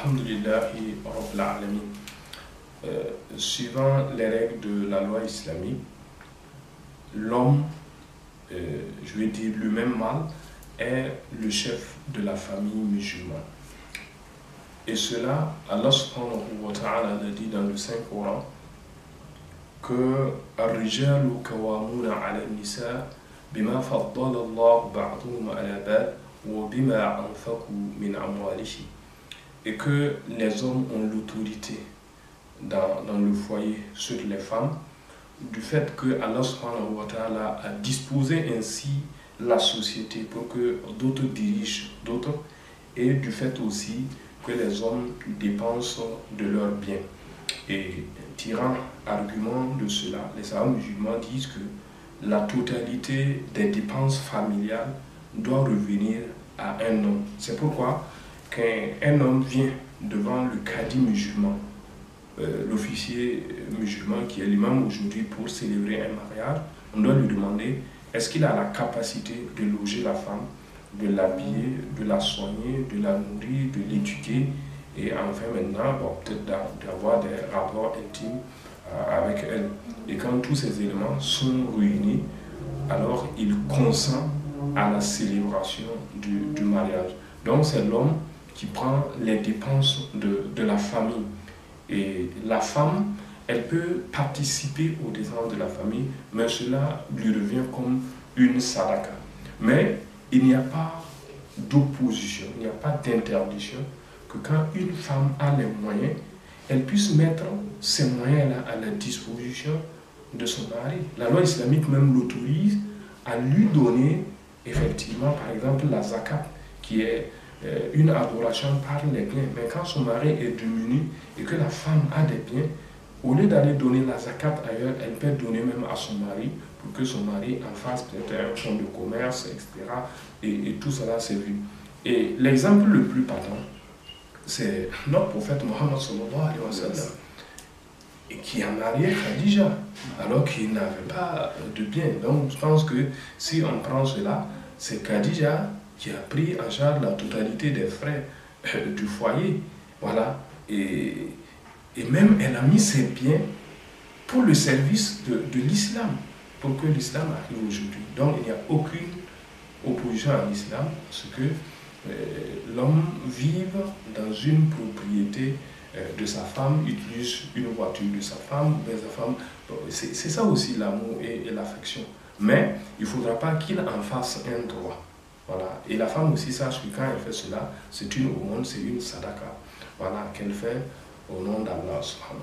Alhamdulillahi Rabbil Alamin. Euh, suivant les règles de la loi islamique, l'homme, euh, je vais dire le même mâle, est le chef de la famille musulmane. Et cela, Allah subhanahu wa ta'ala dit dans le Saint-Coran que الرجال ala على النساء بما Allah الله بعضهم على wa وبما أنفقوا min amwalihim et que les hommes ont l'autorité dans, dans, le foyer sur les femmes, du fait que Allah a disposé ainsi la société pour que d'autres dirigent d'autres, et du fait aussi que les hommes dépensent de leurs biens. Et tirant argument de cela, les savants musulmans disent que la totalité des dépenses familiales doit revenir à un homme. C'est pourquoi un homme vient devant le cadi musulman, euh, l'officier musulman qui est l'imam aujourd'hui pour célébrer un mariage, on doit lui demander est-ce qu'il a la capacité de loger la femme, de l'habiller, de la soigner, de la nourrir, de l'éduquer et enfin maintenant peut-être d'avoir des rapports intimes euh, avec elle. Et quand tous ces éléments sont réunis, alors il consent à la célébration du mariage. Donc c'est l'homme qui prend les dépenses de, de la famille. Et la femme, elle peut participer aux dépenses de la famille, mais cela lui revient comme une sadaka. Mais il n'y a pas d'opposition, il n'y a pas d'interdiction que quand une femme a les moyens, elle puisse mettre ces moyens-là à la disposition de son mari. La loi islamique même l'autorise à lui donner effectivement, par exemple, la zakat, qui est euh, une adoration par les biens. Mais quand son mari est diminué et que la femme a des biens, au lieu d'aller donner la zakat ailleurs, elle peut donner même à son mari pour que son mari en fasse peut-être un fonds de commerce, etc. Et, tout cela c'est vu. Et l'exemple le plus patent, c'est notre prophète Mohammed qui a marié Khadija, alors qu'il n'avait pas de biens. Donc je pense que si on prend cela, c'est Khadija qui a pris en charge la totalité des frais euh, du foyer. Voilà. Et, même elle a mis ses biens pour le service de, l'islam, pour que l'islam arrive aujourd'hui. Donc il n'y a aucune opposition à l'islam, parce que euh, l'homme vive dans une propriété euh, de sa femme, utilise une voiture de sa femme, sa femme. C'est ça aussi l'amour et l'affection. Mais il ne faudra pas qu'il en fasse un droit. Et la femme aussi sache que quand elle fait cela, c'est une monde, c'est une sadaka. Voilà, qu'elle fait au nom d'Allah subhanahu